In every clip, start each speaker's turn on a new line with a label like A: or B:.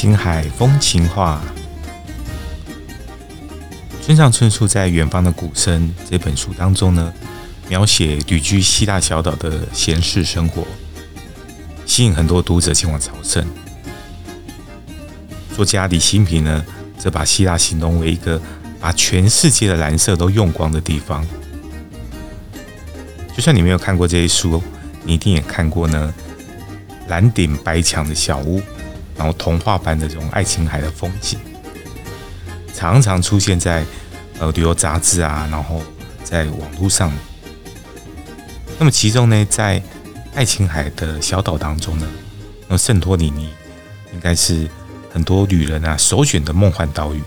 A: 琴海風情畫。村上春樹在《遠方的鼓聲》這本書當中呢，描寫旅居希臘小島的閒適生活，吸引很多讀者前往朝聖。作家李欣頻呢，則把希臘形容為一個把全世界的藍色都用光的地方。就算你沒有看過這些書，你一定也看過呢，《藍頂白牆的小屋》。然後童話般的這種愛琴海的風景，常常出現在呃旅遊雜誌啊，然後在網路上。那麼其中呢，在愛琴海的小島當中呢，那麼聖托里尼應該是很多旅人啊首選的夢幻島嶼。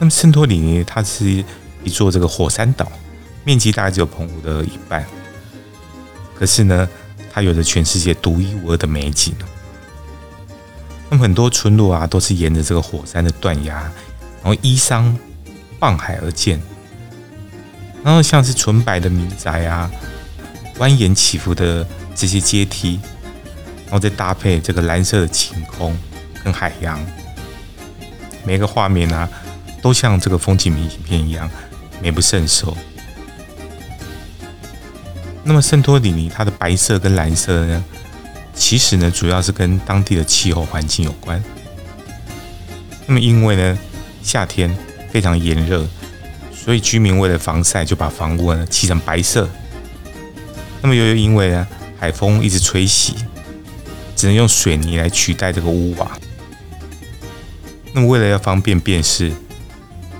A: 那麼聖托里尼它是一座這個火山島，面積大概只有澎湖的一半，可是呢。它有着全世界獨一無二的美景，那麼很多村落啊都是沿着這個火山的斷崖，然後依山傍海而建，然後像是純白的民宅啊，蜿蜒起伏的這些階梯，然後再搭配這個藍色的晴空跟海洋，每個畫面啊，都像這個風景明信片一樣美不勝收。那麼聖托里尼它的白色跟藍色呢，其實呢主要是跟當地的氣候環境有關。那麼因為呢夏天非常炎熱，所以居民為了防曬就把房屋呢砌成白色。那麼又因為呢，海風一直吹襲，只能用水泥來取代這個屋瓦。那麼為了要方便辨識，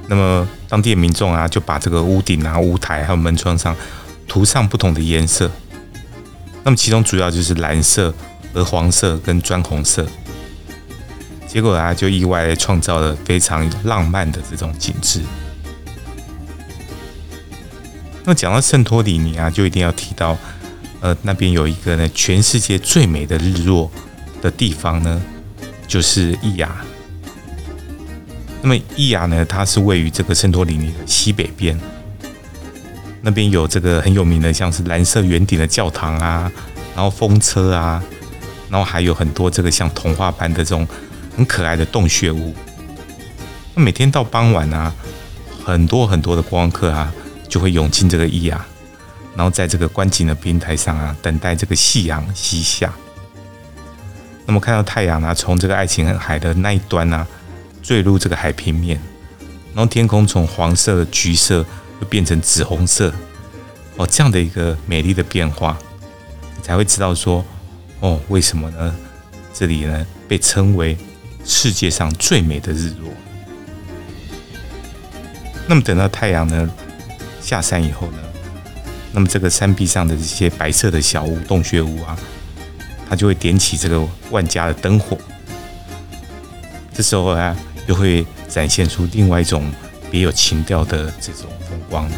A: 那麼當地的民眾啊就把這個屋頂啊、屋台還有門窗上。塗上不同的顏色，那麼其中主要就是藍色和黃色跟磚紅色，結果啊就意外創造了非常浪漫的這種景緻。那麼講到聖托里尼啊，就一定要提到，呃，那邊有一個呢，全世界最美的日落的地方呢，就是伊亞。那麼伊亞呢，它是位於這個聖托里尼的西北邊。那邊有這個很有名的，像是藍色圓頂的教堂啊，然後風車啊，然後還有很多這個像童話般的這種很可愛的洞穴屋。那每天到傍晚啊，很多很多的觀光客啊就會湧進這個伊亞啊，然後在這個觀景的平台上啊，等待這個夕陽西下。那麼看到太陽啊從這個愛琴海的那一端啊墜入這個海平面，然後天空從黃色、橘色。會變成紫紅色哦，這樣的一個美麗的變化，你才會知道說，哦，為什麼呢？這裡呢被稱為世界上最美的日落。那麼等到太陽呢下山以後呢，那麼這個山壁上的這些白色的小屋、洞穴屋啊，它就會點起這個萬家的燈火。這時候啊，又會展現出另外一種。也有情調的這種風光。